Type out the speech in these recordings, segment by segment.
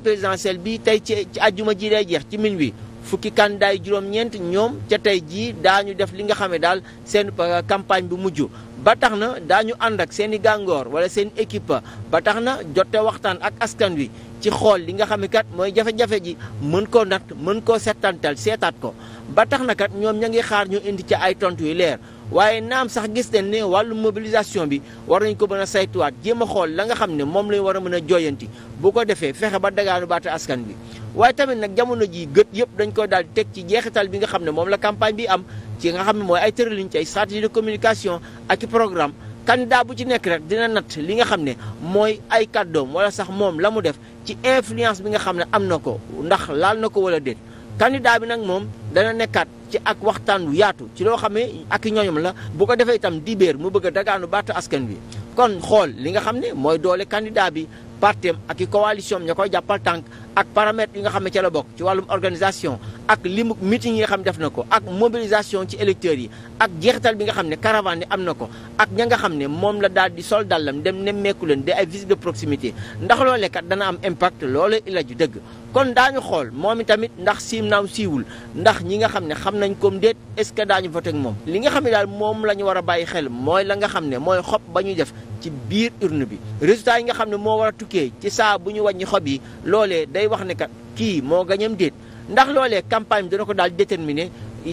présidentielle bi tey ci ci àjjuma ji day jeex ci min wi fukki kandidat yi juróom-ñeent ñoom ca tey jii daañu def li nga xam ne daal seen campagne bu mujj ba tax na daañu ànd ak seen i gàngoor wala seen équipe ba tax na jote waxtaan ak askan wi ci xool li nga xam ne kat mooy jafe-jafe ji mën koo nat mën koo settantal seetaat ko ba tax na kat ñoom ña ngi xaar ñu indi ca ay tontu yu leer. waaye naam sax gis nañ ne wàllu mobilisation bi war nañ ko mën a saytuwaat jéem a xool la nga xam ne moom lañ war a mën a jooyanti bu ko defee fexe ba dagaanu baata askan bi waaye tamit nag jamono ji gët yëpp dañ koy daal teg ci jeexital bi nga xam ne moom la campagne bi am ci nga xam ne mooy ay tëralin ci ay stratégie de communication ak i programme candidat bu ci nekk rek dina natt li nga xam ne mooy ay kàddoom wala sax moom la mu def ci influence bi nga xam ne am na ko ndax laal na ko wala déet bi nag moom dana nekkaat ci ak waxtaan wu yaatu ci loo xam ne ak ñooñam la bu ko defee itam dibéer mu bëgg a dagaanu baatu askan wi kon xool li nga xam ne mooy doole candidat bi partem ak i coalition am ña koy jàppal tànk ak paramètres yi nga xam ne ca la bokk ci wàllum organisation ak limu meeting yi nga xam ne def na ko ak mobilisation ci électeurs yi ak jeexital bi nga xam ne caravane am na ko ak ña nga xam ne moom la daal di sol dàllam dem nemmeeku leen di ay visite de proximité ndax loolee kat dana am impact loolee illa ju dëgg kon daañu xool moom itamit ndax siim naaw siiwul ndax ñi nga xam ne xam nañ comme déet est-ce que daañu voté moom li nga xam ne daal moom la ñu war a bàyyi xel mooy la nga xam ne mooy xob ba ñuy ci biir urne bi résultat yi nga xam ne moo war a tukkee ci saa bu ñu wàññi xob yi loolee day wax ne kat kii moo gañam déet ndax loolee campagne bi dana ko daal déterminer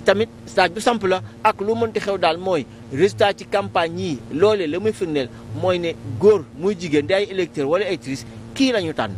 tamit saaj bu samp la ak lu mënti xew daal mooy résultat ci campagne yi loolee la muy firndeel mooy ne góor muy jigéen di ay électeur wala électrice kii la tànn